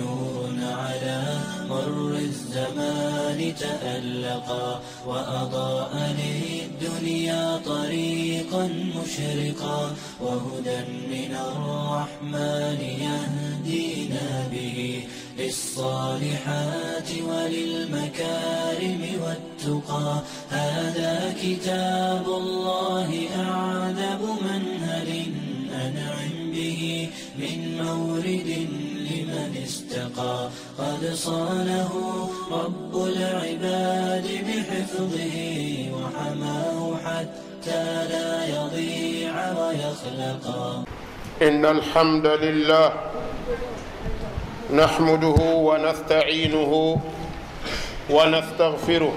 نور على مر الزمان تألقا وأضاء للدنيا طريقا مشرقا وهدى من الرحمن يهدينا به للصالحات وللمكارم والتقى هذا كتاب الله أعذب منهل أنعم به من مورد اتقى قد صانه رب العباد بحفظه وحماه حتى لا يضيع ويخلقا إن الحمد لله نحمده ونستعينه ونستغفره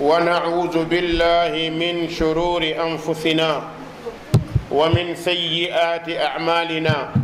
ونعوذ بالله من شرور أنفسنا ومن سيئات أعمالنا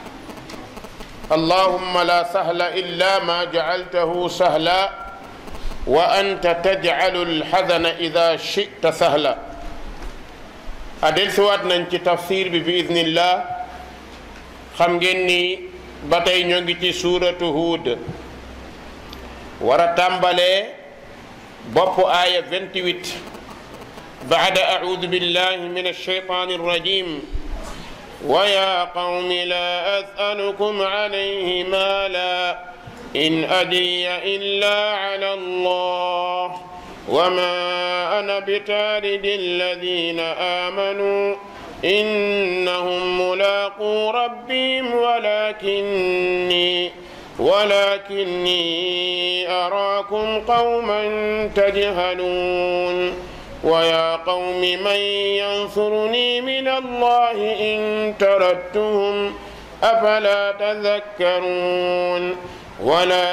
اللهم لا سهل إلا ما جعلته سهلا وأنت تجعل الحزن إذا شئت سهلا adelsiwaat nañ ci tafsir bi bi idnillah xam ngeen ni ba tey ñoo ngi ci suuratu Huud war a tàmbalee bopp aaya 28 baada audu billahi min alsheytan irrajim ويا قوم لا أسألكم عليه مالا إن أدي إلا على الله وما أنا بتارد الذين آمنوا إنهم ملاقو ربهم ولكني ولكني أراكم قوما تجهلون ويا قوم من ينصرني من الله إن تردتهم أفلا تذكرون ولا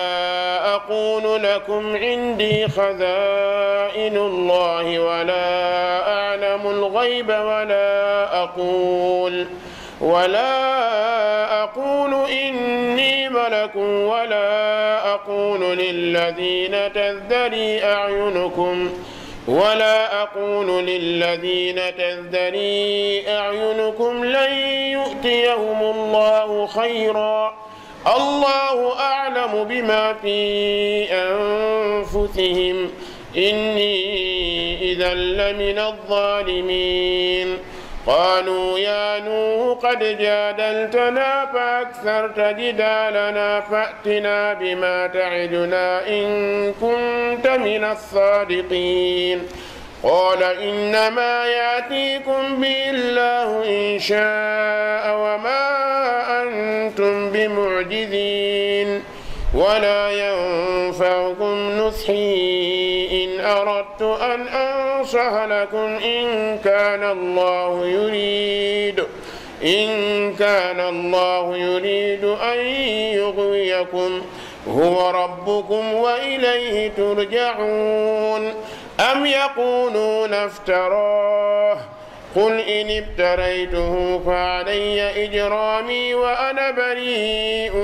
أقول لكم عندي خزائن الله ولا أعلم الغيب ولا أقول ولا أقول إني ملك ولا أقول للذين تذري أعينكم ۖ ولا أقول للذين تزدري أعينكم لن يؤتيهم الله خيرا الله أعلم بما في أنفسهم إني إذا لمن الظالمين قالوا يا نوح قد جادلتنا فأكثرت جدالنا فأتنا بما تعدنا إن كنت من الصادقين قال إنما يأتيكم به الله إن شاء وما أنتم بمعجزين ولا ينفعكم نصحين أردت أن أنصح لكم إن كان الله يريد إن كان الله يريد أن يغويكم هو ربكم وإليه ترجعون أم يقولون افتراه قل إن ابتريته فعلي إجرامي وأنا بريء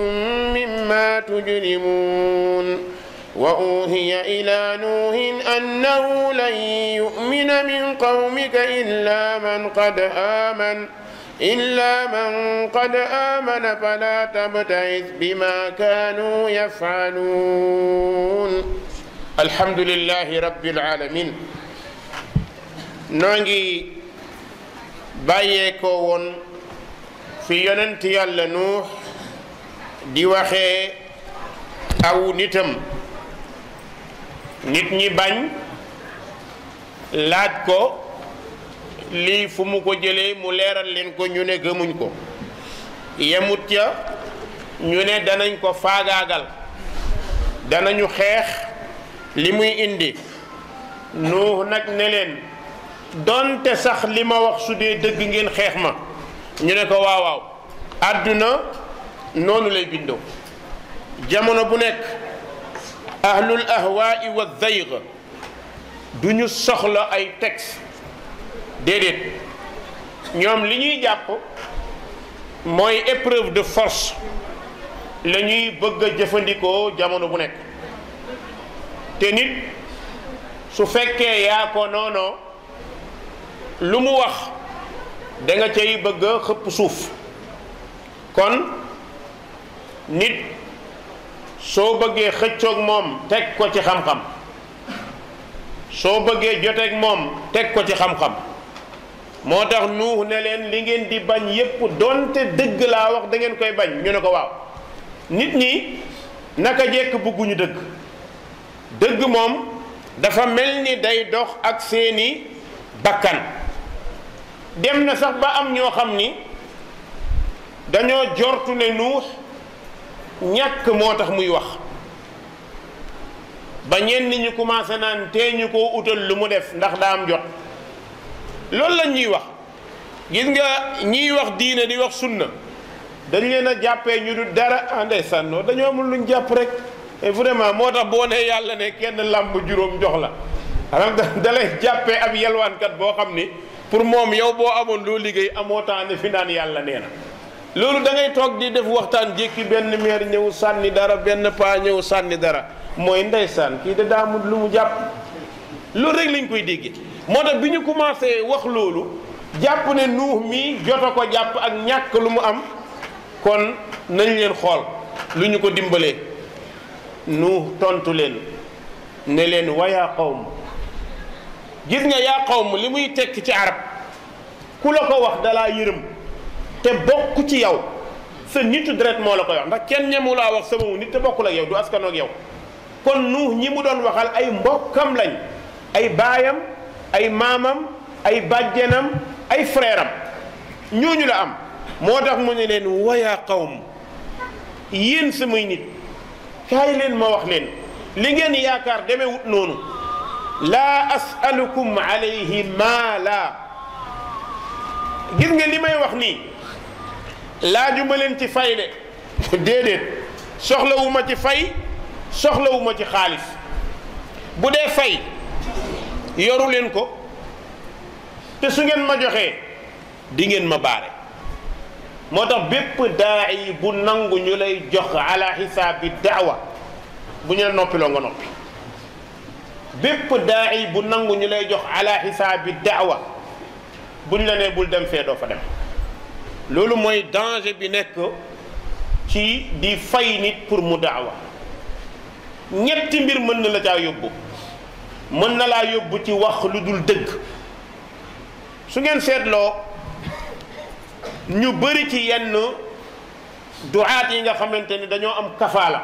مما تجرمون وأوهي إلى نوح أنه لن يؤمن من قومك إلا من قد آمن إلا من قد آمن فلا تبتئس بما كانوا يفعلون الحمد لله رب العالمين نونجي bàyyeekoo woon fi yonent yàlla nuux di waxee aw nitam nit ñi bañ laaj ko lii fu mu ko jëlee mu leeral leen ko ñu ne gëmuñ ko yemut ya ñu ne danañ ko faagaagal danañu xeex li muy indi nuux nag ne leen donte sax li ma wax su dee dëgg ngeen xeex ma ñu ne ko waawaaw àdduna noonu lay bindoo jamono bu nekk ahlul ahwaai wa zayg du ñu soxla ay tex déedéet ñoom li ñuy jàpp mooy épreuve de force lañuy ñuy bëgg a jëfandikoo jamono bu nekk te nit su fekkee yaa ko noono lu mu wax danga nga cay bëgg xëpp suuf kon nit soo bëggee xëccoog moom teg ko ci xam-xam soo bëggee joteeg moom teg ko ci xam-xam moo tax nuux ne leen li ngeen di bañ yépp donte dëgg laa wax da koy bañ ñu ne ko waaw nit ñi naka jekk bëgguñu dëgg dëgg moom dafa mel ni day dox ak seeni bakkan dem na sax ba am ñoo xam ni dañoo jortu ne nuux ñàkk moo tax muy wax ba ñenn ñi commencé naan te ñu koo utal lu mu def ndax daa am jot loolu lañ ñuy wax gis nga ñiy wax diine di wax sunna dañ leen a jàppee ñu du dara ah, anday sànnoo dañoo amul luñ jàpp rek et vraiment moo tax boo nee yàlla ne kenn làmb juróom jox la xam da jàppee ab yelwaankat boo xam ni pour moom yow boo amoon loo liggéey amoo temps ne fi naan yàlla nee na loolu dangay toog di def waxtaan jékki benn meer ñëw sànni dara benn paa ñëw sànni dara mooy ndeysaan kii de daa mu lu mu jàpp loolu rek lañ koy déggee moo tax bi ñu commencé wax loolu jàpp ne nuux mii jot a ko jàpp ak ñàkk lu mu am kon nañ leen xool lu ñu ko dimbalee nuux tontu leen ne leen wayaa qawm gis nga yaa qawm li muy tekk ci arab ku la ko wax dalaa yërëm te bokk ci yow sa nitu deret moo la koy wax ndax kenn ñemu laa wax sama nit te bokkul ak yow du askan ak yow kon nuux ñi mu doon waxal ay mbokkam lañ ay baayam ay maamam ay bàjjenam ay frère am ñooñu la am moo tax mu ne leen wayaa qawm yéen samay nit kaay leen ma wax leen li ngeen yaakaar demewut noonu laa asalukum alayhi maala gis nga li may wax nii laajuma leen ci fay de déedéet soxlawuma ci fay soxlawuma ci xaalis bu dee fay yoru leen ko te su ngeen ma joxee di ngeen ma baare moo tax bépp daa'i bu nangu ñu lay jox ala xisaabi daawa bu ñu la noppiloo nga noppi bépp bu nangu ñu lay jox ala xisaabi daawa bu ñu la nee bul dem fee doo fa dem loolu mooy danger bi nekk ci di fay nit pour mu daawa ñetti mbir mën na la caa yóbbu mën na laa yóbbu ci wax lu dul dëgg su ngeen seetloo ñu bëri ci yenn duaat yi nga xamante ni dañoo am kafaala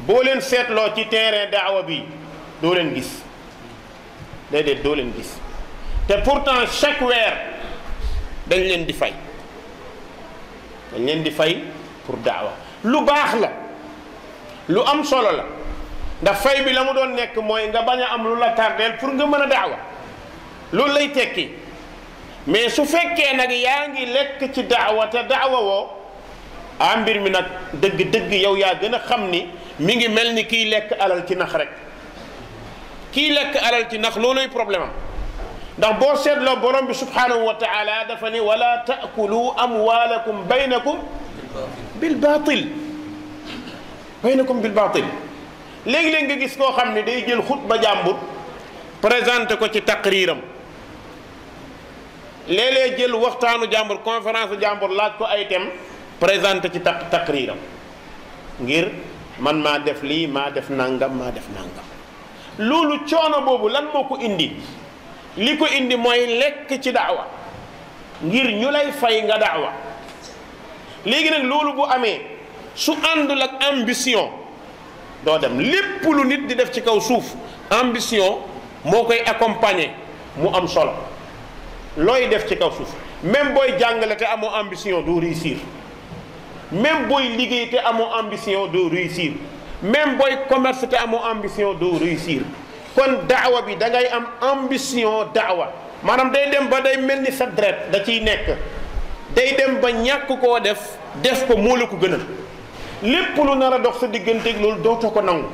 boo leen seetloo ci terrain daawa bi doo leen gis déedéet doo leen gis te pourtant chaque weer dañ leen di fay dañ leen di fay pour daawa lu baax la lu am solo la ndax fay bi la mu doon nekk mooy nga bañ a am lu la tardeel pour nga mën a daawa loolu lay tekki mais su fekkee nag yaa ngi lekk ci daawa te daawa woo ah mbir mi nag dëgg-dëgg yow yaa gën a xam ni mi ngi mel ni kiy lekk alal ci nax rek kiy lekk alal ci nax looluy problème am ndax boo seetloo borom bi subhanahu wa taala dafa ni wala taakulu amwaalakum baynakum bil baatil baynakum bil baatil léegi-léegi nga gis koo xam ne day jël xutba jàmbur présenté ko ci taqriiram léeg jël waxtaanu jàmbur conférence jàmbur laaj ko ay thème présenté ci taq taqriiram ngir man maa def lii maa def nangam maa def nangam loolu coono boobu lan moo ko indi li ko indi mooy lekk ci daawa ngir ñu lay fay nga daawa léegi nag loolu bu amee su àndul ak ambition doo dem lépp lu nit di def ci kaw suuf ambition moo koy accompagner mu am solo looy def ci kaw suuf même booy jàngale te amoo ambition doo réussir même booy liggéey te amoo ambition doo réussir même booy commerce te amoo ambition doo réussir kon daawa bi da ngay am ambition daawa maanaam day dem ba day mel ni sa dret da ciy nekk day dem ba ñàkk koo def def ko moo la ko gënal lépp lu nar a dox sa digganteeg loolu dootoo ko nangu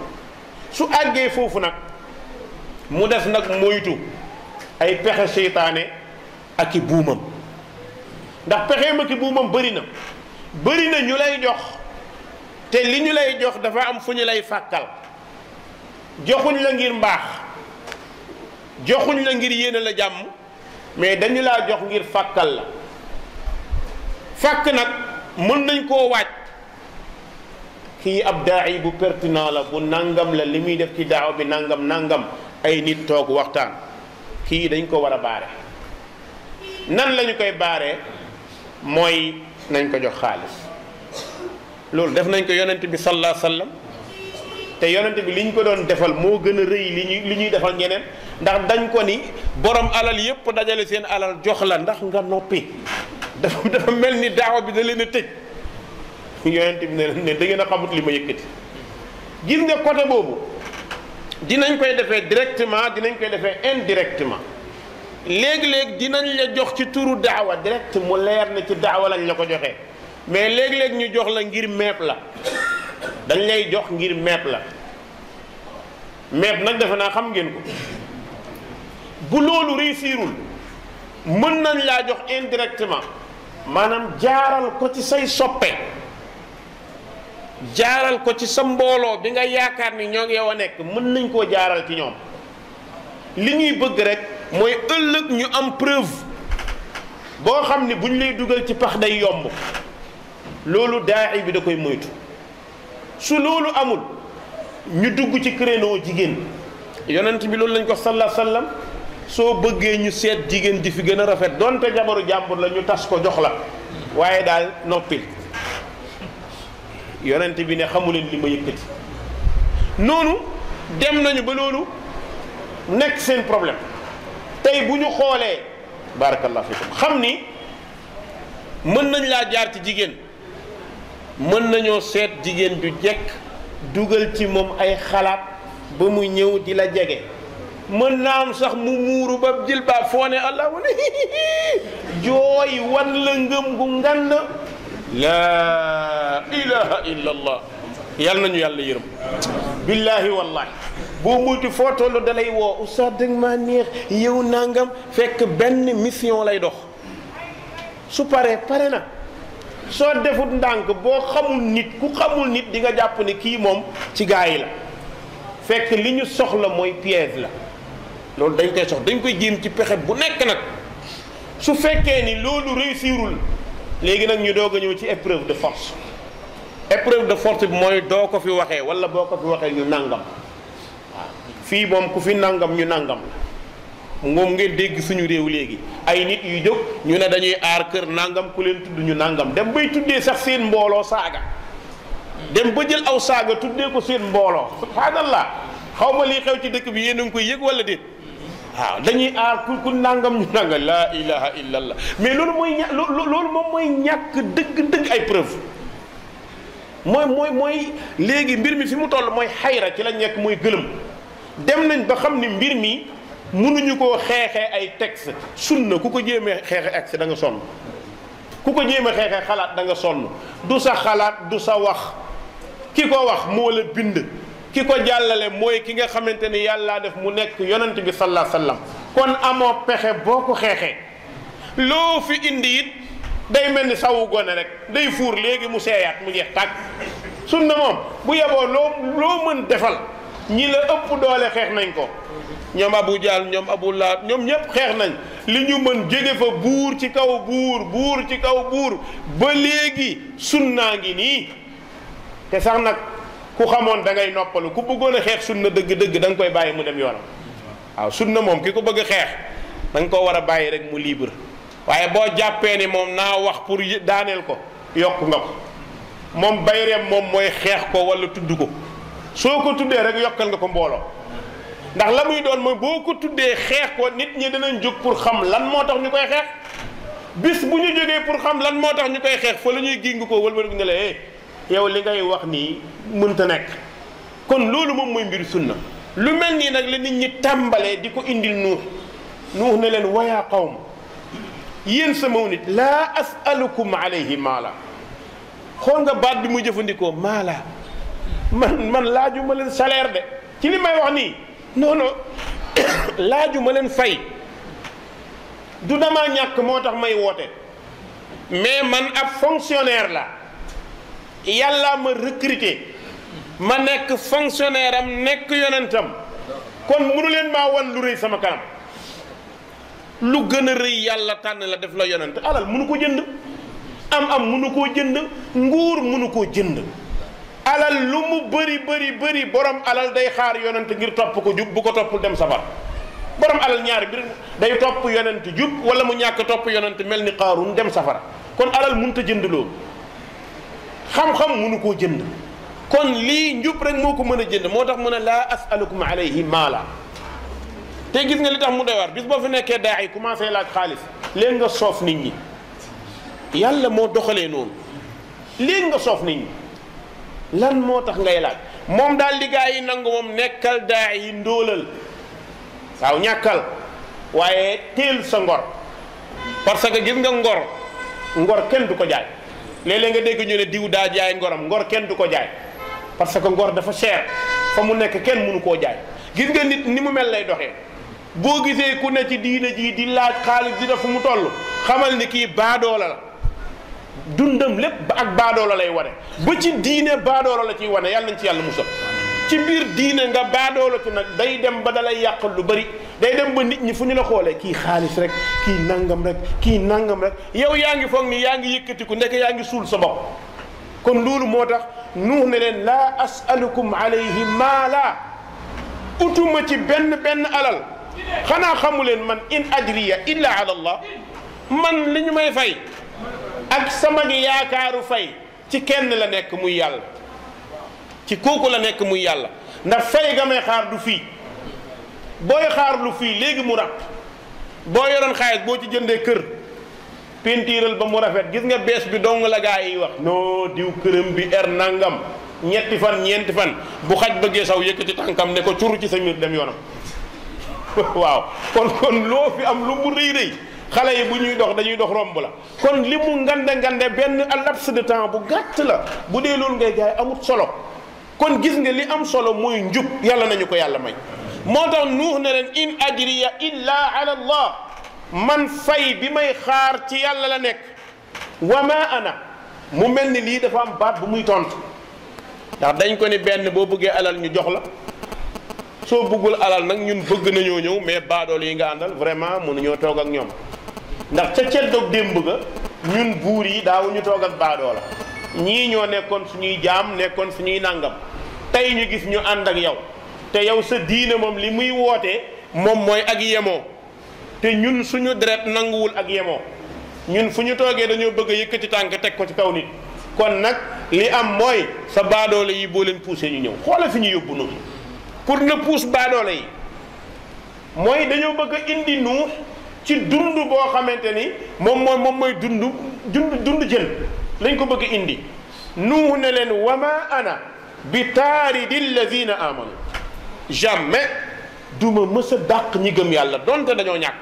su àggee foofu nag mu def nag moytu ay pexe seytaane ak i buumam ndax pexeem ak i buumam bëri na bëri na ñu lay jox te li ñu lay jox dafa am fu ñu lay fàkkal joxuñ la ngir mbaax joxuñ la ngir yéene la jàmm mais dañu laa jox ngir fàkkal la fàkk nag mën nañ koo waaj kii ab daayi bu pertinent la bu nangam la li muy def ci daaw bi nangam nangam ay nit toog waxtaan kii dañ ko war a baare nan lañu koy baaree mooy nañ ko jox xaalis loolu def nañ ko yonent bi sallallahu alayhi te yonent bi li ñu ko doon defal moo gën a rëy li ñuy li ñuy defal ñeneen ndax dañ ko ni borom alal yépp dajale seen alal jox la ndax nga noppi dafa dafa mel ni daawa bi na leen a tëj yonent bi ne leen ne da ngeen a xamut li ma yëkkati gis nga côté boobu dinañ koy defee directement dinañ koy defee indirectement léeg-léeg dinañ la jox ci turu daawa direct mu leer ne ci daawa lañ la ko joxee mais léeg-léeg ñu jox la ngir meeb la dañ lay jox ngir meeb la meeb nag defe naa xam ngeen ko bu loolu réussirul mën nañ laa jox indirectement maanaam jaaral ko ci say soppe jaaral ko ci sa mbooloo bi nga yaakaar ni ñoo ngi yow a nekk mën nañ koo jaaral ci ñoom li ñuy bëgg rek mooy ëllëg ñu am preuve boo xam ni buñ lay dugal ci pax day yomb loolu daay bi da koy moytu su loolu amul ñu dugg ci créneau jigéen yonent bi loolu lañ ko salla sallam soo bëggee ñu seet jigéen ji fi gën a rafet donte jabaru jàmbur la ñu tas ko jox la waaye daal noppil yonent bi ne xamuleen li ma yëkkati noonu dem nañu ba loolu nekk seen problème tey bu ñu xoolee barakallahu fikum xam ni mën nañ laa jaar ci jigéen mën nañoo seet jigéen ju jekk dugal ci moom ay xalaat ba mu ñëw di la jege mën na am sax mu muuru ba jilbaab foo ne allah wala jooy wan la ngëm gu ngand laa ilaha illa yàlla nañu yàlla yërëm billaahi wallaahi boo muytu foo toll da woo oustaz dëgg maa neex yow nangam fekk benn mission lay dox su paree pare na soo defut ndànk boo xamul nit ku xamul nit di nga jàpp ne kii moom ci gaa yi la fekk li ñu soxla mooy piège la loolu dañ koy sox dañ koy jéem ci pexe bu nekk nag su fekkee ni loolu réussirul léegi nag ñu doog a ñëw ci épreuve de force épreuve de force bi mooy doo ko fi waxee wala boo ko fi waxee ñu nangam waaw fii moom ku fi nangam ñu nangam la moom ngeen dégg suñu réew léegi ay nit yu jóg ñu ne dañuy aar kër nangam ku leen tudd ñu nangam dem bay tuddee sax seen mbooloo saaga dem ba jël aw saaga tuddee ko seen mbooloo subhaanallah xaw ma lii xew ci dëkk bi yéen a ngi koy yëg walla déet waaw dañuy aar ku ku nangam ñu nanga laa ilaha illallah mais loolu mooy ña loolu moom mooy ñàkk dëgg-dëgg ay preuve mooy mooy mooy léegi mbir mi fi mu toll mooy xayra ci la ñekk mooy gëlëm dem nañ ba xam ni mbir mi. mënuñu koo xeexee ay texte na ku ko jéemee xeexe ak da nga sonn ku ko jéem a xeexee xalaat danga sonn du sa xalaat du sa wax ki ko wax moo la bind ki ko jàllale mooy ki nga xamante ni yàlla def mu nekk yonant bi sallallahu alayhi wasallam kon amoo pexe boo ko xeexee loo fi indi it day mel ni sawu gone rek day fuur léegi mu seeyaat mu jeex tàkk na moom bu yeboo loo loo mën defal ñi la ëpp doole xeex nañ ko ñoom Abu Jahl ñoom Abu laat ñoom ñëpp xeex nañ li ñu mën jege fa buur ci kaw buur buur ci kaw buur ba léegi sun naa ngi nii te sax nag ku xamoon dangay noppalu ku bëggoon a xeex na dëgg-dëgg da koy bàyyi mu dem yoonam waaw na moom ki ko bëgg xeex da nga ko war a bàyyi rek mu libre waaye boo jàppee ni moom naa wax pour daaneel ko yokk nga ko moom bayreem moom mooy xeex ko wala tudd ko soo ko tuddee rek yokkal nga ko mbooloo ndax la muy doon mooy boo ko tuddee xeex ko nit ñi danañ jóg pour xam lan moo tax ñu koy xeex bis bu ñu jógee pour xam lan moo tax ñu koy xeex foo la ñuy géng ko wëlbatiku ne la eh yow li ngay wax nii ta nekk kon loolu moom mooy mbir sunna lu mel nii nag la nit ñi tàmbalee di ko indil nuux nuux ne leen wayaa ma yéen sama nit laa asalukum alayhi maala xool nga baat bi mu jëfandikoo maala man man laajuma leen salaire de ci li may wax nii non laajuma leen fay du dama ñàkk moo tax may woote mais man ab fonctionnaire la yàlla ma recruter ma nekk fonctionnaire am nekk yonentam kon mënu leen maa wan lu rëy sama kanam lu gën a rëy yàlla tànn la def la yonent alal mënu ko jënd am am mënu koo jënd nguur mënu koo jënd alal lu mu bëri bëri bëri borom alal day xaar yonent ngir topp ko jub bu ko toppul dem safar borom alal ñaari bir day topp yonent jub wala mu ñàkk topp yonent mel ni xaarun dem safara kon alal mënut a jënd loolu xam-xam mënu koo jënd kon lii njub rek moo ko mën a jënd moo tax mu ne laa asalukum alayhi maala te gis nga li tax mu doy waar bis boo fi nekkee daa ay commencé laaj xaalis léegi nga soof nit ñi yàlla moo doxalee noonu léegi nga soof nit lan moo tax ngay laaj moom daal li gaa yi nangu moom nekkal daa yi ndóolal waaw ñàkkal waaye teel sa ngor parce que gis nga ngor ngor kenn du ko jaay léeg nga dégg ñu ne diw daa jaay ngorom ngor kenn du ko jaay parce que ngor dafa cher fa mu nekk kenn mënu koo jaay gis nga nit ni mu mel lay doxee boo gisee ku ne ci diina ji di laaj xaalis di def fu mu toll xamal ni kii baadoola dundam lépp ak baadoolo lay wane ba ci diine baadoola la ciy wane yàlla nañ ci yàlla musal ci biir diine nga baadoolo ci nag day dem ba dalay yàqal lu bari day dem ba nit ñi fu ñu la xoolee kii xaalis rek kii nangam rek kii nangam rek yow yaa ngi foog ni yaa ngi yëkkatiku nekk yaa ngi suul sa bopp kon loolu moo tax nuux ne leen laa asalukum alayhi maala utuma ci benn benn alal xanaa xamu leen man in ajriya illa ala allah man li may fay ak sama gi yaakaaru fay ci kenn la nekk muy yàlla ci kooku la nekk muy yàlla ndax fay ga may xaar du fii booy xaar lu fii léegi mu ràpp boo yoroon xaalis boo ci jëndee kër pentiiral ba mu rafet gis nga bees bi dong la gaa yi wax noo diw këram bi er nangam ñetti fan ñeenti fan bu xaj bëggee saw yëkkati tànkam ne ko curu ci sa miir dem yoonam waaw kon kon loo fi am lu mu rëy rëy xale yi bu ñuy dox dañuy dox romb la kon li mu ngande ngande benn laps de temps bu gàtt la bu dee loolu ngay jaay amut solo kon gis nga li am solo mooy njub yàlla nañu ko yàlla may moo tax nuux ne leen in ajriya illa ala allah man fay bi may xaar ci yàlla la nekk wa ma ana mu mel ni lii dafa am baat bu muy tontu ndax dañ ko ni benn boo bëggee alal ñu jox la soo bëggul alal nag ñun bëgg nañoo ñëw mais baadool yi nga àndal vraiment mënuñoo toog ak ñoom ndax ca dog démb ga ñun buur yi daawuñu toog ak baadoo la ñii ñoo nekkoon suñuy jaam nekkoon suñuy nàngam tey ñu gis ñu ànd ak yow te yow sa diine moom li muy wootee moom mooy ak yemoo te ñun suñu deret nanguwul ak yemoo ñun fu ñu toogee dañoo bëgg a yëkkati tànk teg ko ci kaw nit kon nag li am mooy sa baadoole yi boo leen poussé ñu ñëw xoola fi ñu yóbbu nuux pour ne pousse baadoole yi mooy dañoo bëgg a indi nuux ci dund boo xamante ni moom mooy moom mooy dund dund dund jën lañ ko bëgg indi nuuhu ne leen wama ana bi taaridi alladina amanu jamais duma mës a dàq ñi gëm yàlla donte dañoo ñàkk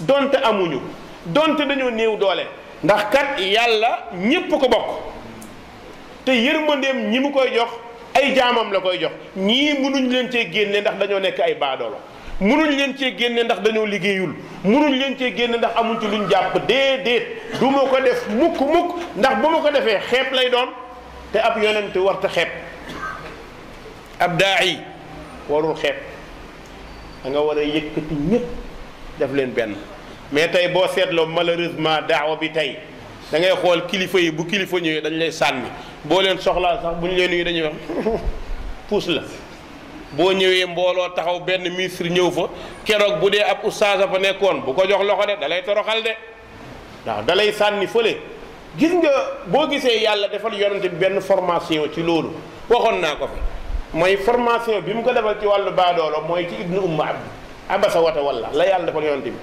donte amuñu donte dañoo néew doole ndax kat yàlla ñépp ko bokk te yërmandeem ñi mu koy jox ay jaamam la koy jox ñii mënuñ leen cee génne ndax dañoo nekk ay baadoolo munuñ leen cee génne ndax dañoo liggéeyul munuñ leen cee génne ndax amuñ ci luñ jàpp déedéet du ma ko def mukk mukk ndax bu ma ko defee xeeb lay doon te ab yonent warta xeeb ab daa'i warul xeeb da nga war a def leen benn mais tey boo seetloo malheureusement daawa bi tey da ngay xool kilifa yi bu kilifa ñëwee dañ lay sànni boo leen soxlaa sax bu ñu leen nuyu dañuy wax puus la boo ñëwee mbooloo taxaw benn ministre ñëw fa keroog bu dee ab oustaz a fa nekkoon bu ko jox loxo de dalay toroxal de waaw dalay sànni fële gis nga boo gisee yàlla defal yonante bi benn formation ci loolu woxoon naa ko fi mooy formation bi mu ko defal ci wàllu baadoolo mooy ci ibnu umma abdi abasa walla la yàlla defal yonante bi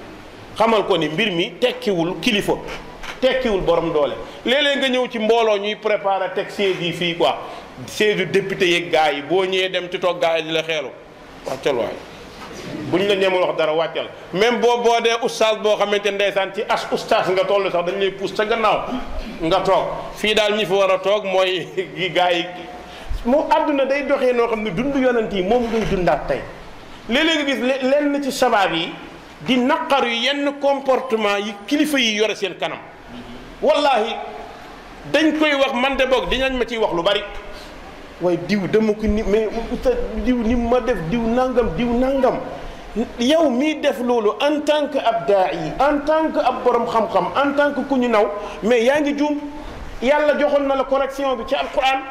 xamal ko ni mbir mi tekkiwul kilifa tekkiwul borom doole léeg-léeg nga ñëw ci mbooloo ñuy préparer texte yi fii quoi siège député yeeg gars yi boo ñëwee dem ci toog gars yi di la xeelu wàccal waay buñ la ñemul wax dara wàccal même boo boo dee oustaz boo xamante ndeysaan ci as oustaz nga toll sax dañ lay pousse sa gannaaw nga toog fii daal ñi fi war a toog mooy gars yi moo àdduna day doxee noo xam ne dund yonent yi moom ngay dundaat tey léeg-léeg nga gis lenn ci sabaab yi di naqar yu yenn comportement yi kilifa yi yore seen kanam wallahi dañ koy wax man de boog dinañ ma ciy wax lu bari waaye diw dama ko ni mais oustaz diw ni ma def diw nangam diw nangam yow mii def loolu en tant que ab daa yi en tant que ab borom xam-xam en tant que ku ñu naw mais yaa ngi juum yàlla joxoon na la correction bi ci alquran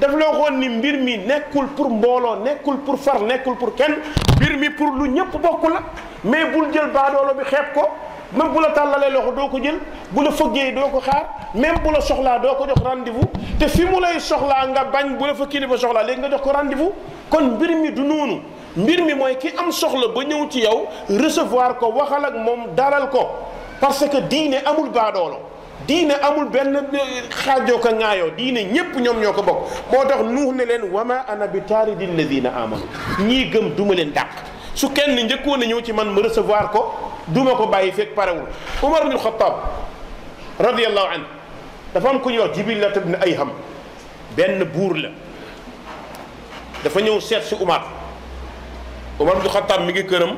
daf la waxoon ni mbir mi nekkul pour mbooloo nekkul pour far nekkul pour kenn mbir mi pour lu ñëpp bokk la mais bul jël baadoolo bi xeeb ko. man bu la tàllalee loxo doo ko jël bu la fëggee doo ko xaar même bu la soxlaa doo ko jox rendez te fi mu lay soxlaa nga bañ bu la fa kilifa soxlaa léegi nga jox ko rendez kon mbir mi du noonu mbir mi mooy ki am soxla ba ñëw ci yow recevoir ko waxal ak moom dalal ko parce que diine amul baadoolo diine amul benn eh, xaajoo ko ŋaayoo diine ñépp ñoom ñoo ko bokk moo tax nuux ne leen wama ana bi taaridi alladina amanu ñii gëm duma leen dàq su kenn njëkkoon a ñëw ci man ma recevoir ko duma ko bàyyi fekk parewul Umar ibn Xattaab radiyallahu anhu dafa am ku ñuy wax Jibilat ibn Ayham benn buur la dafa ñëw seet si Umar Umar ibn Xattaab mi ngi këram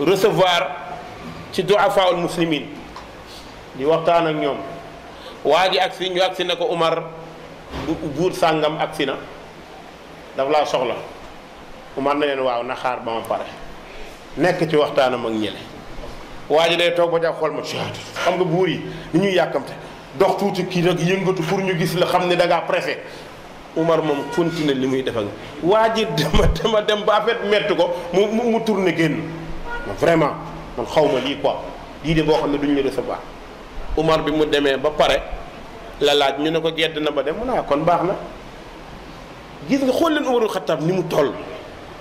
recevoir ci duafaul muslimin di waxtaan ak ñoom waa ji agsi ñu agsi na ko Umar buur sàngam agsi na daf laa soxla Umar na leen waaw na xaar ba pare nekk ci waxtaanam ak ñële waa ji day toog ba jàpp xool ma caat xam nga buur yi ni ñuy yàkkamte dox tuuti kii rek yëngatu pour ñu gis la xam ne da ngaa préfet Umar moom continué li muy def ak waa ji dama dama dem ba affaire metti ko mu mu mu tourné génn vraiment man xaw ma lii quoi lii de boo xam ne duñ sa recevoir Umar bi mu demee ba pare la laaj ñu ne ko gedd na ba dem mu ne ah kon baax na gis nga xool leen Umarul Xattaab ni mu toll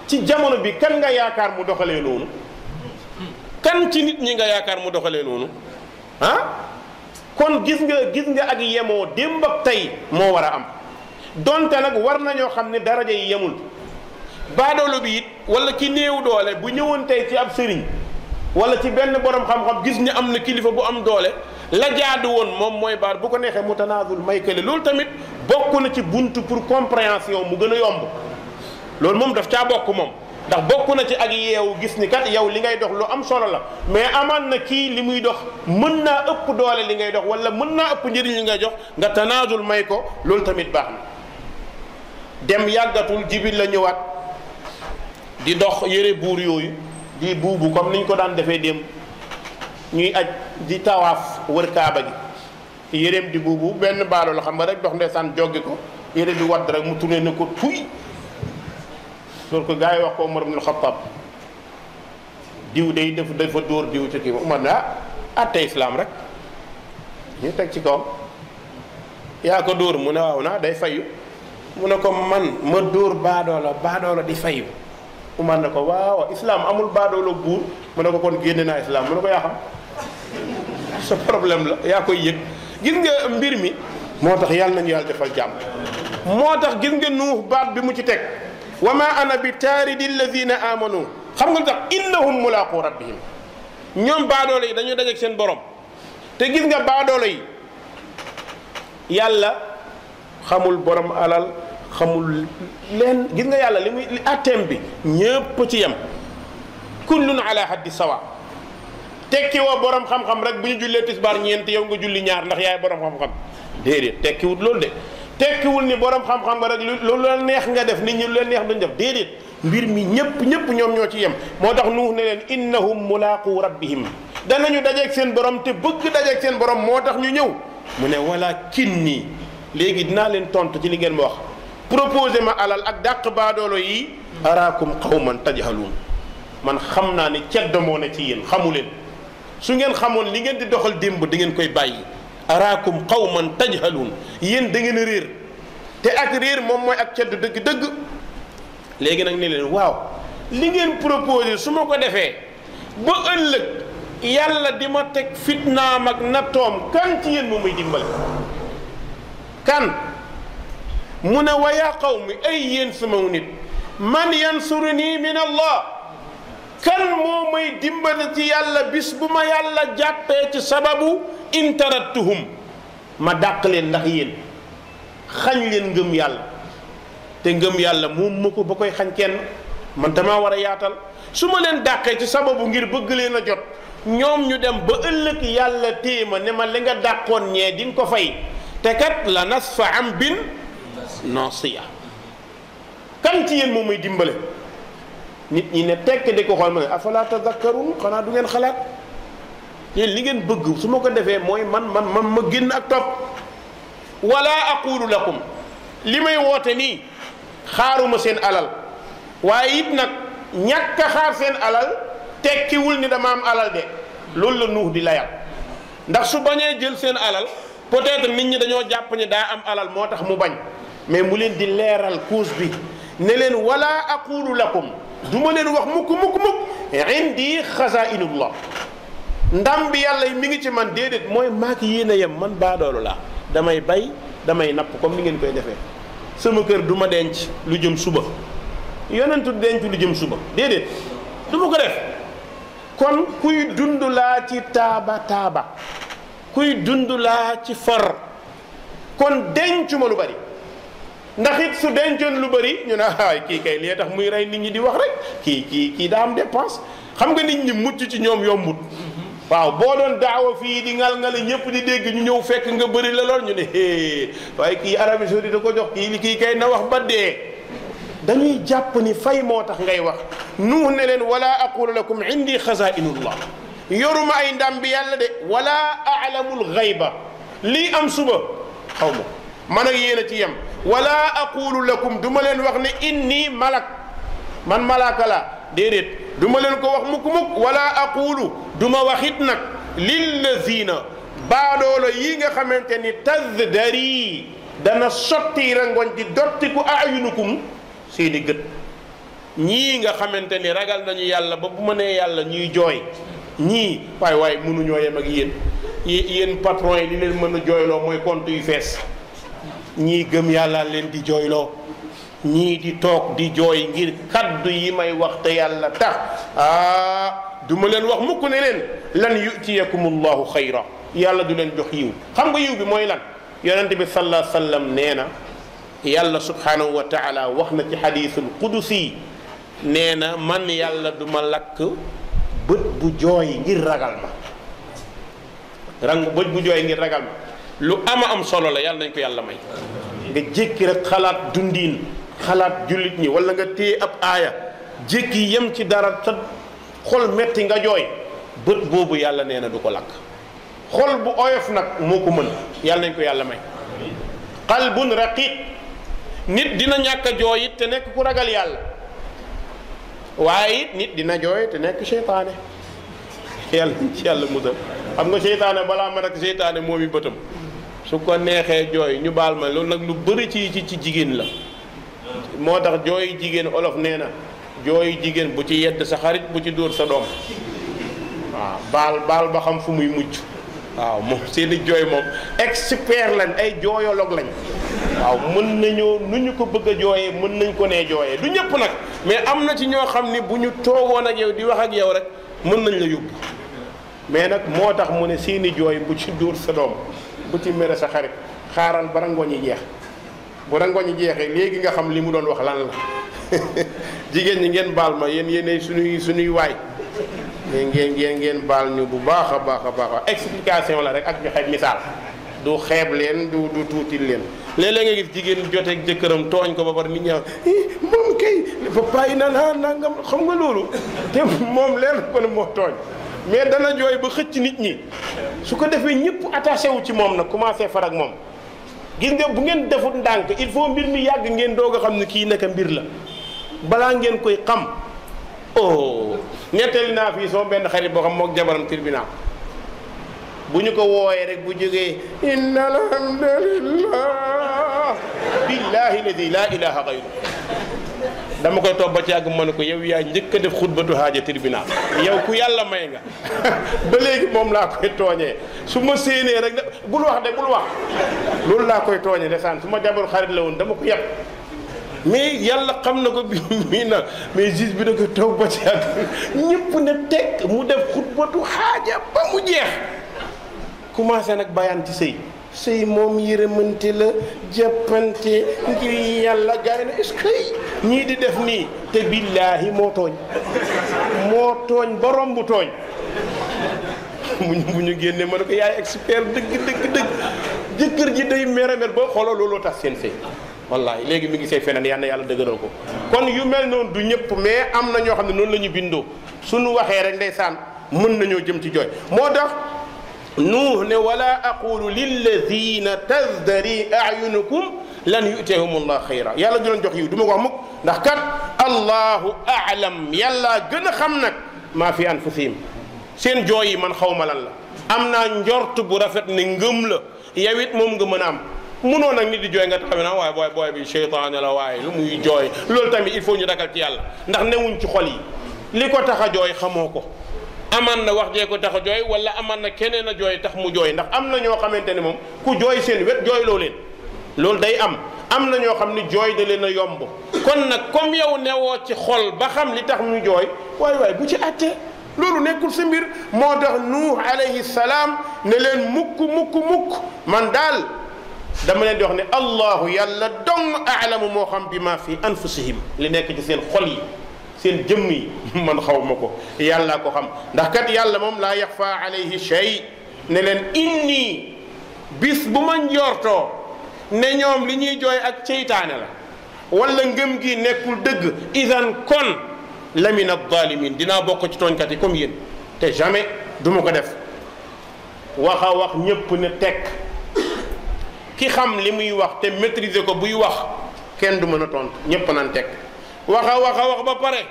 ci jamono bi kan nga yaakaar mu doxalee noonu. kan ci nit ñi nga yaakaar mu doxalee noonu ah kon gis nga gis nga ak yemoo démb ak tey moo war a am donte nag war nañoo xam ne daraja yi yemul baadoolo bi it wala ki néew doole bu ñëwoon tey ci ab sëriñ wala ci benn borom xam-xam gis ni am na kilifa bu am doole la jaadu woon moom mooy baat bu ko neexee mu tanaazul may kële loolu tamit bokk na ci bunt pour compréhension mu gën a yomb loolu moom daf caa bokk moom. ndax bokk na ci ak yeewu gis ni kat yow li ngay dox lu am solo la mais amaan na kii li muy dox mën naa ëpp doole li ngay dox wala mën naa ëpp njëriñ li ngay jox nga tanaadul may ko loolu tamit baax na dem yàggatul jibil la ñëwaat di dox yére buur yooyu di buubu comme niñ ko daan defee dem ñuy aj di tawaaf wër kaaba gi yëreem di buubu benn baalo la xam nga rek dox ndeysaan joggi ko yére bi wadd rek mu tourné ne ko tuy loolu ko gaa yi wax ko Omar ibnul Xattaab diw day def dafa dóor diw ci kii Omar ne ah atte islam rek ñu teg ci kawam yaa ko dóor mu ne waaw naa day fayu mu ne ko man ma dóor baadoola baadoolo di fayu Omar ne ko waaw islam amul baadoola buur mu ne ko kon génne naa islam mu ne ko yaa xam sa problème la yaa koy yëg gis nga mbir mi moo tax yàlla nañu yàlla defal jàmm moo tax gis nga nuux baat bi mu ci teg wa ma ana bi taaridi alladina amanu xam nga lu tax innahum mulaaqu rabbihim ñoom baadoole yi dañuy dajeeg seen borom te gis nga baadoole yi yàlla xamul borom alal xamul leen gis nga yàlla li muy li bi ñëpp ci yem kullun ala haddi sawa tekki woo borom xam-xam rek bu ñu jullee tisbaar ñeent yow nga julli ñaar ndax yaay borom xam-xam déedéet tekkiwut loolu de tekkiwul ni borom xam-xam nga rek lu la neex nga def ni ñi lu leen neex duñ def déedéet mbir mi ñëpp ñëpp ñoom ñoo ci yem moo tax nuux ne leen innahum mulaaqu rabbihim danañu dajeeg seen borom te bëgg dajeeg seen borom moo tax ñu ñëw mu ne walaakinni léegi dinaa leen tontu ci li ngeen ma wax proposé ma alal ak dàq baadoolo yi araakum qawman tajhaluun man xam naa ni ne ceddamoo na ci yéen xamu leen su ngeen xamoon li ngeen di doxal démb di ngeen koy bàyyi araakum qawman tajhaluun yéen da ngeen a réer te ak réer moom mooy ak ceddu dëgg-dëgg léegi nag ni leen waaw li ngeen proposé su ma ko defee ba ëllëg yàlla di ma teg fitnaam ak nattoom kan ci yéen moom may dimbale kan mu ne wa yaa qawmi ay yéen sumaw nit man yansuruni min allah kan moo may dimbale ci yàlla bis bu ma yàlla jàppee ci sababu in tarattuhum ma dàq leen ndax yéen xañ leen ngëm yàlla te ngëm yàlla moom ma ko ba koy xañ kenn man damaa war a yaatal su ma leen dàqee ci sababu ngir bëgg leen a jot ñoom ñu dem ba ëllëg yàlla téema ne ma li nga dàqoon ñee di ko fay te kat la nas fa am bin nasiya kan ci yéen moom muy dimbale nit ñi ne tekk di ko xool ma ne afala tadakkarun xanaa du ngeen xalaat yéen li ngeen bëgg su ma ko defee mooy man man man ma génn ak topp wala aqulu lakum li may woote nii xaaruma seen alal waaye it nag ñàkk xaar seen alal tekkiwul ni dama am alal de loolu la nuux di layal ndax su bañee jël seen alal peut-être nit ñi dañoo jàpp ne daa am alal moo tax mu bañ mais mu leen di leeral cause bi ne leen wala aqulu lakum du ma leen wax mukk mukk mukk indi xazainullah ndam bi yàlla yi mi ngi ci man déedéet mooy maak yéen a yem man baadoolu laa damay bay damay napp comme li ngeen koy defee sama kër du ma denc lu jëm suba yonentu denc lu jëm suba déedéet duma ko def kon kuy dund laa ci taaba taaba kuy dund laa ci for kon dencu ma lu bari ndax it su dencoon lu bari ñu ne ay kii muy rey nit ñi di wax kii kii kii daa am dépense xam nga nit ñi mucc ci ñoom yombut waaw boo doon daawa fii di ngal ngale ñëpp di dégg ñu ñëw fekk nga bëri la lool ñu ne hee waaye kii Arabie Saoudite da ko jox kii li kii kay na wax ba dee dañuy jàpp ni fay moo tax ngay wax nuux ne leen wala aqulu lakum indi xazainullah yoruma ay ndam bi yàlla de wala aalamul xayba am suba xaw man ak yéen a ci yem wala aqulu lakum du ma leen wax ne inni malak man malaaka la déedéet duma leen ko wax mukk mukk wala aqulu du ma it nag lillazina baadoolo yi nga xamante ni tazdari dana sotti rangoñ di dottiku ayunukum seeni gët ñii nga xamante ni ragal nañu yàlla ba bu ma nee yàlla ñuy jooy ñii waaye waaye mënuñoo yem ak yéen yéen patron yi li leen mën a jooyloo mooy compte yu fees ñii gëm yàlla leen di jooyloo ñii di toog di jooy ngir kaddu yi may wax te yàlla tax ah du ma leen wax mukk ne leen lan yutiyakum allahu xayra yàlla du leen jox yiw xam nga yiw bi mooy lan yonente bi sallallahu alayhi nee na yàlla subhanahu wa taala wax na ci xadisul qudusi nee na man yàlla du lakk bët bu jooy ngir ragal ma rang bët bu jooy ngir ragal ma lu ama am solo la yàlla nañ ko yàlla may nga jékki rek xalaat dundiin xalaat jullit ñi wala nga téye ab aaya jékki yem ci dara te xol metti nga jooy bët boobu yàlla nee na du ko lakk xol bu oyof nag moo ko mën yàlla nañ ko yàlla may qalbun raqiq nit dina ñàkk a jooy it te nekk ku ragal yàlla waaye nit dina jooy te nekk seytaane yàlla ci yàlla musal xam nga seytaane balaa ma ak seytaane moom i bëtam su ko neexee jooy ñu baal ma loolu nag lu bëri ci ci ci jigéen la moo tax jooy jigéen olof nee na jooy jigéen bu ci yedd sa xarit bu ci dóor sa doom waaw baal baal ba xam fu muy mujj waaw moom seeni jooy moom expert lañ ay jooyologue lañ waaw mën nañoo nu ñu ko bëgg a jooyee mën nañ ko nee jooyee du ñëpp nag mais am na ci ñoo xam ni bu ñu toogoon ak yow di wax ak yow rek mën nañ la yóbbu mais nag moo tax mu ne seeni jooy bu ci dóor sa doom bu ci mere sa xarit xaaral bara ngooñ yi jeex bu rangoñ jeexee léegi nga xam li mu doon wax lan la jigéen ñi ngeen baal ma yéen yéenay suñuy suñuy waay mais ngeen ngeen ngeen baal ñu bu baax a baax a baax explication la rek ak joxe misaal du xeeb leen du du tuuti leen léeg-léeg nga gis jigéen joteeg jëkkëram tooñ ko ba pare nit ñi eh, moom kay dafa bàyyi na naa ah, nangam xam nga loolu te moom leer ko ne moo tooñ mais dana jooy ba xëcc nit ñi su ko defee ñëpp attaché wu ci moom nag commencé far ak moom gis nga bu ngeen defut ndànk il faut mbir mi yàgg ngeen doog xam ne kii nekk mbir la balaa ngeen koy xam oh ñettali naa benn xarit boo xam mook jabaram tribunal bu ñu ko wooyee rek bu jógee inna alhamdulillah billahi ladi la ilaha gayru dama koy toog ba ci yàgg ma ne ko yow yaay njëkk a def xutbatu haaja tribunal yow ku yàlla may nga ba léegi moom laa koy tooñee su ma séenee rek de bul wax de bul wax loolu laa koy tooñee ndeysaan su ma jabar xarit la woon dama ko yàpp mais yàlla xam na ko bi mii na mais juge bi da koy toog ba ci yàgg ñëpp ne teg mu def xutbatu haaja ba mu jeex commencé nag bayaan ci sëy sëy moom yërëmante la jëppante ngir yàlla gaay na est-ce que ñii di def nii te billaahi moo tooñ moo tooñ borom bu tooñ mu ñu génne ma ne ko yaay expert dëgg dëgg dëgg jëkkër ji day mere mer boo xooloo looloo tax seen sëy wallahi léegi mi ngi say feneen yal na yàlla dëgëral ko kon yu mel noonu du ñëpp mais am na ñoo xam ne noonu la ñu bindoo suñu waxee rek ndeysaan mën nañoo jëm ci jooy moo tax nuuh ne wala aqulu lilladina tazdari ayunukum lan yutihum llah xayra yàlla du leen jox yiw du ma ko wax ndax kat allahu ya la gën a xam nag maa fi anfusihim seen jooy yi man xaw ma lan la am naa njort bu rafet ne ngëm la yow it moom nga mën a am mënoo nag nit di jooy nga taxaw na waaye booy booy bi seytaane la waaye lu muy jooy loolu tami il faut ñu ragal ci yàlla ndax newuñ ci xol yi li ko tax a jooy xamoo ko amaan na wax jee ko tax jooy wala amaan na keneen a jooy tax mu jooy ndax am na ñoo xamante ne moom ku jooy seen wet jooy loo leen loolu day am am na ñoo xam ni jooy da leen a yomb kon nag comme yow newoo ci xol ba xam li tax mu jooy waay bu ci àttee loolu nekkul sa mbir moo tax nuux alayhi salaam ne leen mukk mukk mukk man daal dama leen di wax ne allahu yàlla dong aalamu moo xam bi ma fi anfusihim li nekk ci seen xol yi seen jëmm yi man xaw ma ko yàlla ko xam ndax kat yàlla moom laa yaxfa alayhi shay ne leen inni bis bu ma njortoo ne ñoom li ñuy jooy ak ceytaane la wala ngëm gi nekkul dëgg idan kon lamine addaalimin dinaa bokk ci tooñkat yi comme yéen te jamais duma ko def wax a wax ñépp ne tekk ki xam li muy wax te maîtriser ko buy wax kenn du mën a tontu ñépp nan tekk waxa waxa wax ba pare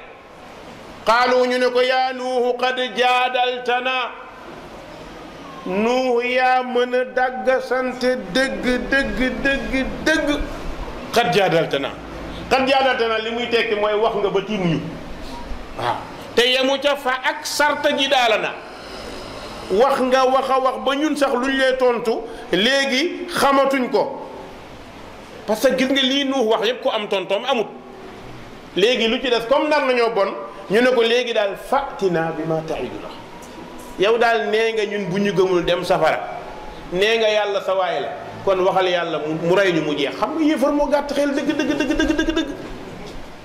qaalu ñu ne ko yaa nuuhu qad jaadaltana nuuhu yaa mën a dagga sante dëgg dëgg dëgg dëgg qad jaadaltana qad jaadaltana li muy tekki mooy wax nga ba tiimuñu waaw te yemu ca fa ak sarta ji daala na wax nga wax ba ñun sax luñ lay tontu léegi xamatuñ ko parce que gis nga lii nuuhu wax yépp ko am tontoom amut léegi lu ci des comme nar nañoo bon ñu ne ko léegi daal fatina bi ma taiduna yow daal nee nga ñun bu ñu gëmul dem safara nee nga yàlla sa waay la kon waxal yàlla mu rey ñu mu jeex xam nga yëfar moo gàtt xel dëgg dëgg dëgg dëgg dëgg dëgg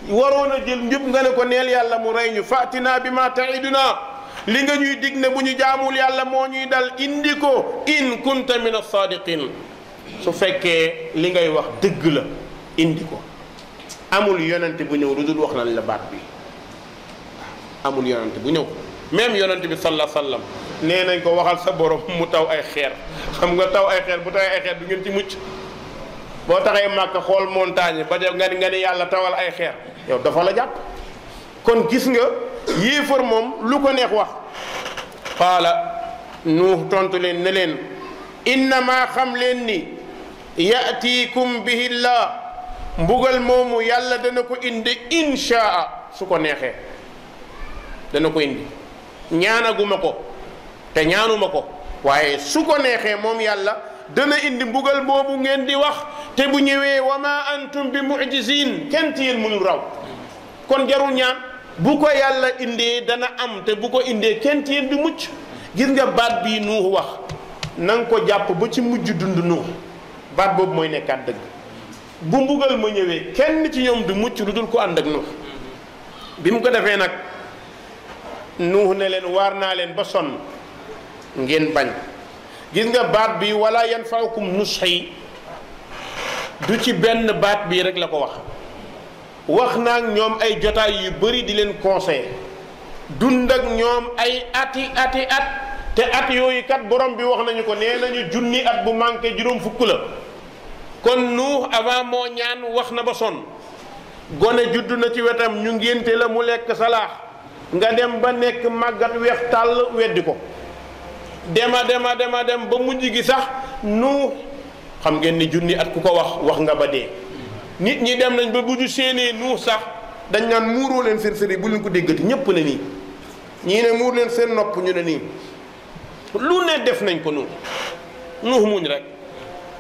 waroon a jël njëpp nga ne ko neel yàlla mu rey ñu fàtti fatina bi ma taiduna li nga ñuy dig ne bu ñu jaamul yàlla moo ñuy dal indi ko in kunta min as su fekkee li ngay wax dëgg la indi ko amul yonente bu ñëw lu dul wax nañ la baat bi amul yonente bu ñëw même yonente bi salla sallam nee nañ ko waxal sa borom mu taw ay xeer xam nga taw ay xeer bu taxee ay xeer du ngeen ci mucc boo taxee màkk xool montagne ba def nga ni nga ni yàlla tawal ay xeer yow dafa la jàpp kon gis nga yéefar moom lu ko neex wax qaala nuux tontu leen ne leen innama xam leen ni yatiikum bihi mbugal moomu yàlla dana ko indi inshaa su ko neexee dana ko indi ñaanaguma ko te ñaanuma ko waaye su ko neexee moom yàlla dana indi mbugal boobu ngeen di wax te bu ñëwee wa ma antum bi mujizin kenn ci yéen mënul raw kon jarul ñaan bu ko yàlla indee dana am te bu ko indee kenn ci yéen du mucc gis nga baat bii nuux wax na ko jàpp ba ci mujj dund nuux baat boobu mooy nekkaat dëgg bu mbugal ma ñëwee kenn ci ñoom du mucc lu dul ko ànd ak nuux bi mu ko defee nag nuux ne leen waar naa leen ba sonn ngeen bañ gis nga baat bi walla yan fawkum nusxi du ci benn baat bii rek la ko wax wax naa ñoom ay jotaay yu bari di leen conseil dund ak ñoom ay ati ati at te at yooyu kat borom bi wax nañu ko nee nañu junni at bu manqué juróom fukk la kon nuux avant moo ñaan wax na ba sonn gone juddu na ci wetam ñu ngénte la mu lekk salaax nga dem ba nekk màggat weex tàll weddi ko dema dema dema dem ba mu gi sax nuux xam ngeen ni junni at ku ko wax wax nga ba dee nit ñi dem nañ ba bu ñu séenee nuux sax dañ naan muuroo leen seen sëriñ bu leen ko déggati ñépp ne nii ñii ne muur leen seen nopp ñu ne nii lu ne def nañ ko nuux nuux muñ rek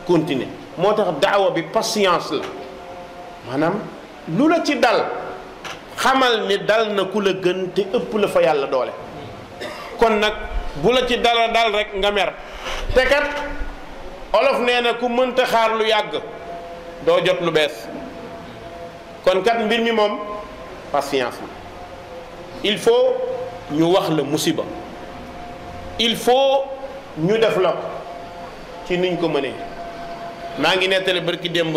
continuer moo tax daawa bi patience la maanaam lu la ci dal xamal ni dal na ku la gën te ëpp la fa yàlla doole kon nag bu la ci dala dal rek nga mer te kat olof nee na ku mënta xaar lu yàgg doo jot lu bees kon kat mbir mi moom patience la il faut ñu wax la musiba il faut ñu def la ci niñ ko mënee maa ngi nettali barki démb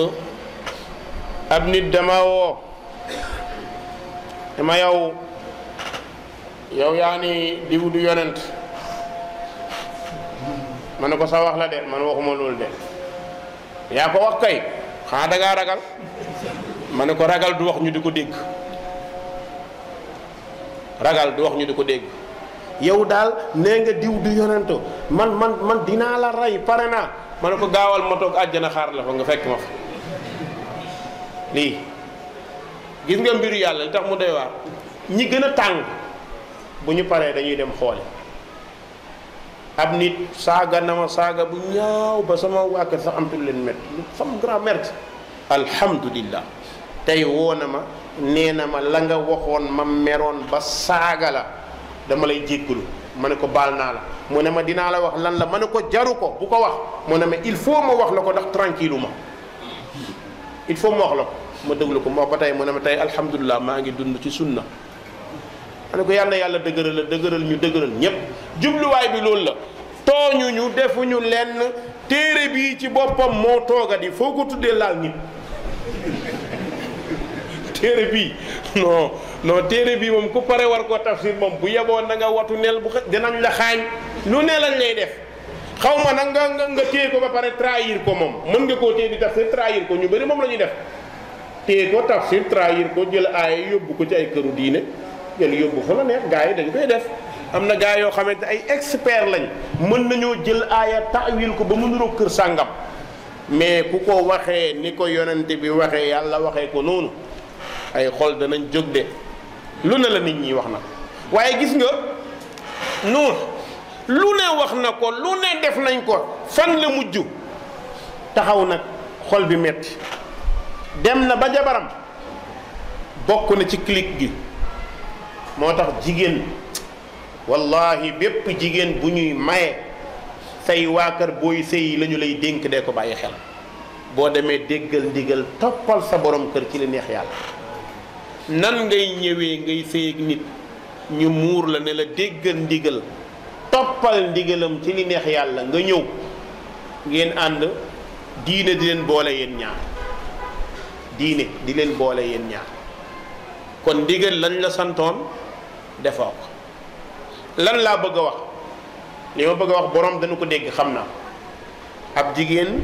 ab nit dama woo dama yow yow yaa ni diw du yonent ma ne ko sa wax la de man waxuma loolu de yaa ko wax kay xanaa dangaa ragal ma ne ko ragal du wax ñu di ko dégg ragal du wax ñu di ko dégg yow daal nee nga diw du yonent man man man dinaa la rey pare naa ma ne ko gaawal ma toog àjjana xaar la fa nga fekk ma fa lii gis nga mbiru yàlla li tax mu doy waar ñi gën a tàng bu ñu paree dañuy dem xoole ab nit saaga na ma saaga bu ñaaw ba sama waa kër am tul leen mett sam grand mère alhamdulillah tey woo na ma nee na ma la nga waxoon ma meroon ba saaga la dama lay jéggalu ma ne ko baal naa la mu ne ma dinaa la wax lan la ma ne ko jaru ko bu ko wax mu ne ma il faut ma wax la ko ndax tranquille ma il faut ma wax la ko ma déglu ko moo ba tey mu ne ma tey alhamdulilah maa ngi dund ci sunna ma ne ko yàlla yàlla dëgëral la dëgëral ñu dëgërël ñépp jubluwaay bi loolu la tooñu ñu ñu lenn téere bii ci boppam moo tooga di foo ko tuddee laal nit téere bii non non téere bii moom ku pare war koo tafsir moom bu yeboo na nga watu nel bu dinañ la xaañ lu ne lañ lay def xaw ma nag nga nga téye ko ba pare trahir ko moom mën nga koo téye di tafsir trahir ko ñu bëri moom la ñuy def téye ko tafsir trahir ko jël aaya yóbbu ko ci ay këru diine jël yóbbu fa la neex gaa yi dañu koy def am na gaa yoo xamante ay expert lañ mën nañoo jël aaya taawil ko ba mu niroo kër sàngam mais ku ko waxee ni ko yonente bi waxee yàlla waxee ko noonu ay xol danañ jóg de lu ne la nit ñi wax na ko waaye gis nga nuux lu ne wax na ko lu ne def nañ ko fan la mujj taxaw nag xol bi metti dem na ba jabaram bokk na ci kilik gi moo tax jigéen wallahi bépp jigéen bu ñuy maye say waa kër booy sëy la ñu lay dénk dee ko bàyyi xel boo demee déggal ndigal toppal sa borom kër ci li neex yàlla nan ngay ñëwee ngay sëy ak nit ñu muur la ne la déggal ndigal toppal ndigalam ci li neex yàlla nga ñëw ngeen ànd diine di leen boole yéen ñaar diine di leen boole yéen ñaar kon ndigal lañ la santoon defoo ko lan laa bëgg a wax li ma bëgg a wax boroom dañu ko dégg xam naa ab jigéen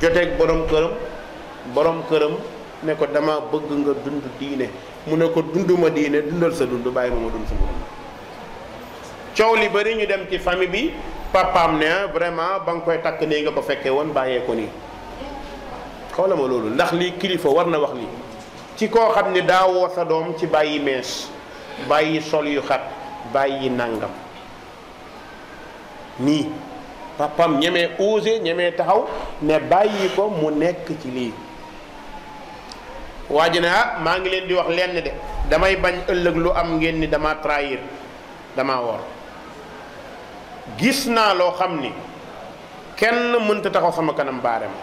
joteeg boroom këram boroom këram ne ko dama bëgg nga dund diine mu ne ko ma diine dundal sa dund bàyyi ma ma dund sama dund coow li bari ñu dem ci famille bi papaam ne vraiment ba nga koy takk nii nga ko fekkee woon bàyyee ko nii xoola loolu ndax lii kilifa war na wax lii ci koo xam ni daawoo sa doom ci bàyyi mees bàyyi sol yu xat bàyyi nangam nii papam ñemee ose ñemee taxaw ne bàyyi ko mu nekk ci lii waa ji ne ah maa ngi leen di wax lenn de damay bañ ëllëg lu am ngeen ni dama trahir dama woor gis naa loo xam ni kenn mënta taxaw sama kanam baare ma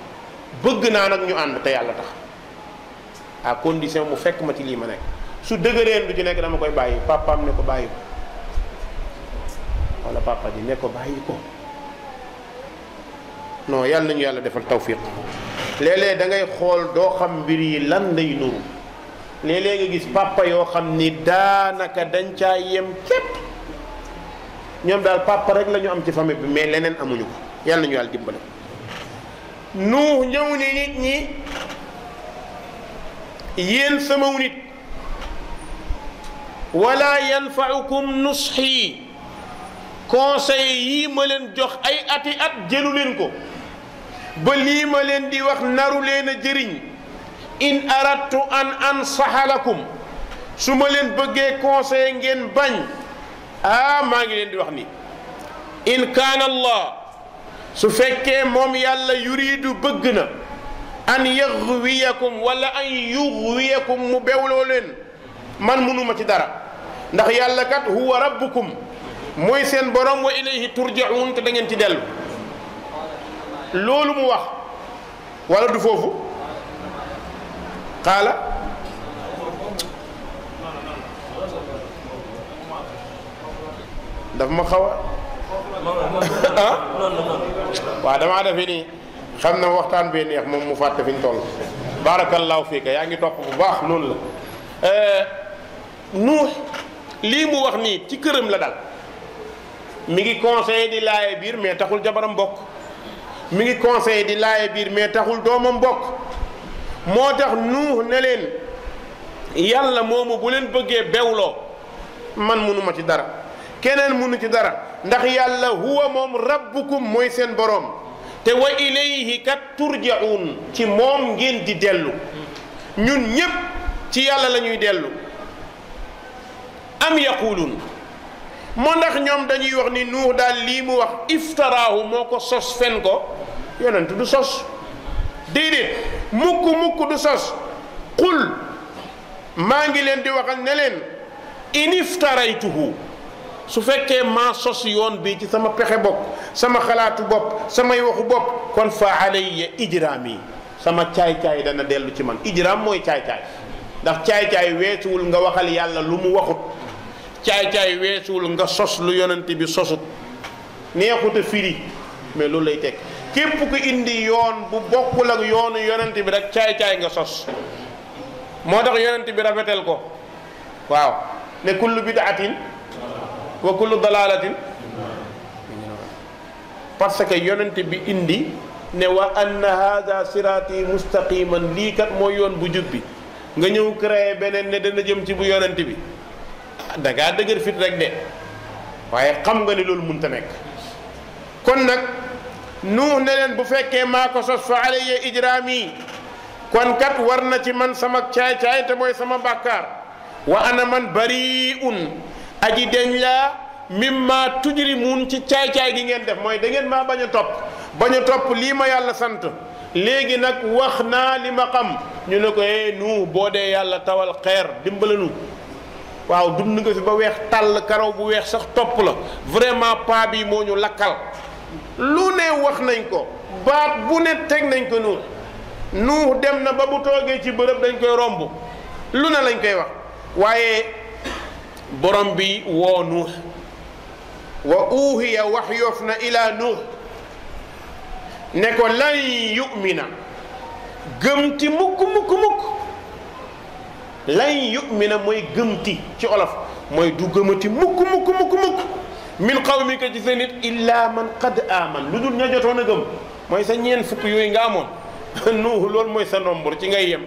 bëgg naa nag ñu ànd te yàlla tax à condition mu fekk ma ci lii ma nekk su dëgëreen du ci nekk dama koy bàyyi papaam ne ko bàyyi ko wala papa ji ne ko bàyyi ko non yàlla nañu yàlla defal tawfiq léeg dangay xool doo xam mbir yi lan day nuru léeg-léeg nga gis papa yoo xam ni daanaka dañ ca yem képp ñoom daal papa rek la am ci famille bi mais leneen amuñu ko yàlla nañu yàlla dimbale nuux ñëw ni nit ñi yéen samaw nit wala yanfaukum nusxi conseil yii ma leen jox ay ati at jëlu leen ko ba lii ma leen di wax naru leen a jëriñ in aradtu an ansaha lakum su ma leen bëggee conseil ngeen bañ ah maa ngi leen di wax ni in kaana allah su fekkee moom yàlla yuridu bëgg na an yaxwiyakum wala an yuxwiyakum mu bewloo leen man munuma ci dara ndax yàlla kat huwa rabbukum mooy seen borom wa ilayhi turjaun te da ngeen ci dellu loolu mu wax wala du foofu xaala daf ma xaw a ah waaw damaa defe nii xam na waxtaan bee neex moom mu fàtte fi ñu toll barakallahu fiika yaa ngi topp bu baax noonu la eh, nuux lii mu wax nii ci këram la dal mu ngi conseillé di laaye biir mais taxul jabaram bokk mi ngi conseillé di laaye biir mais taxul doomam bokk moo tax nuux neleen yàlla moomu bu leen bëggee bewloo man mënuma ci dara keneen munu ci dara ndax yàlla huwa moom rabbukum mooy seen boroom te wa ilayhi kat turjaun ci moom ngeen di dellu ñun ñépp ci yàlla la ñuy dellu am yaquluun moo ndax ñoom dañuy wax ni nuux daal lii mu wax iftaraahu moo ko sos fen ko yonent du sos déedéet mukk mukk du sos qul maa ngi leen di waxal ne leen in iftaraytuhu su fekkee maa sos yoon bi ci sama pexe bopp sama xalaatu bopp samay waxu bopp kon fa alayya ijraam yi sama caay-caay dana dellu ci man ijraam mooy caay-caay ndax caay-caay weesuwul nga waxal yàlla lu mu waxut caay-caay weesuwul nga sos lu yonent bi sosut neexut a firi mais loolu lay teg képp ku indi yoon bu bokkul ak yoonu yonent bi rek caay-caay nga sos moo tax yonent bi rafetal ko waaw ne kullu bidaatin wa kullu dalalatin parce que yonent bi indi ne wa anna hada siraati mustaqiman lii kat mooy yoon bu jub nga ñëw créé beneen ne dana jëm ci bu yonent bi Ah, da dëgër fit rek de waaye xam nga ni loolu mënta nekk kon nag nuux ne leen bu fekkee maa ko sos fa alayya ijraami kon kat war na ci man sama caay-caay te mooy sama bàkkaar wa ana man bariun aji deñ laa mimma tujrimuun ci caay-caay gi ngeen def mooy dangeen ngeen maa bañ a topp bañ a topp lii ma yàlla sant léegi nag wax naa li ma xam ñu ne ko eh nuux boo dee yàlla tawal xeer dimbalanu waaw dund nga fi ba weex tàll karaw bu weex sax topp la vraiment paa bii moo ñu lakkal lu ne wax nañ ko baat bu ne teg nañ ko nuux nuux dem na ba bu toogee ci bërëb dañ koy romb lu ne lañ koy wax waaye borom bi woo nuux wa uuhiya wax yof na ilaa nuux ne ko lan yumina gëm ti mukk mukk mukk lan na mooy gëmti ci olof mooy du gëmati mukk mukk mukk mukk mi ko ci seen nit illa man qad aman lu dul ña jotoon a gëm mooy sa ñeen fukk yooyu nga amoon nuuh lool mooy sa nombre ci ngay yem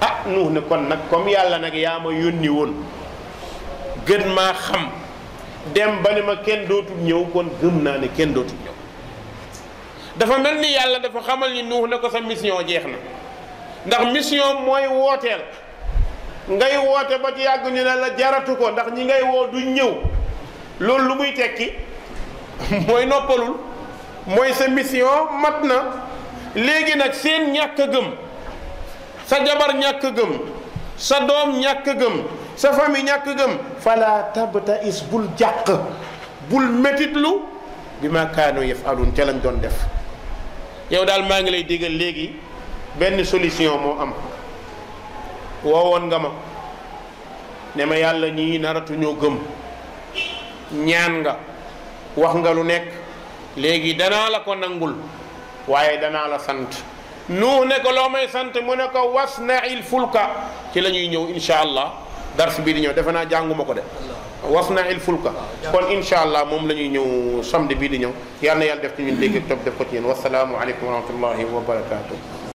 ah nuuh ne kon nag comme yàlla nag yaa ma yónni woon gën maa xam dem ba ne ma kenn dootul ñëw kon gëm naa ne kenn dootul ñëw dafa mel ni yàlla dafa xamal ni nuuh ne ko sa mission jeex na ndax mission mooy wooteel ngay woote ba ci yàgg ñu ne la jaratu ko ndax ñi ngay woo duñ ñëw loolu lu muy tekki mooy noppalul mooy sa mission mat na léegi nag seen ñàkk gëm sa jabar ñàkk gëm sa doom ñàkk gëm sa famille ñàkk gëm fala tabta is bul jàq bul metitlu bi ma kaanu yëf alun ca lañ doon def yow daal maa ngi lay digal léegi benn solution moo am woowoon nga ma ne ma yàlla ñii naratu ñoo gëm ñaan nga wax nga lu nekk léegi danaa la ko nangul waaye danaa la sant nuux ne ko loo may sant mu ne ko was na il fulka ci la ñuy ñëw insha allah dars bii di ñëw defe naa jànguma ko de was na il fulka kon insha allah moom la ñuy ñëw samedi bii di ñëw yal na yàlla def ci ñun dégg topp def ko ci yéen wasalaamu aleykum wa rahmatullahi wa barakatuh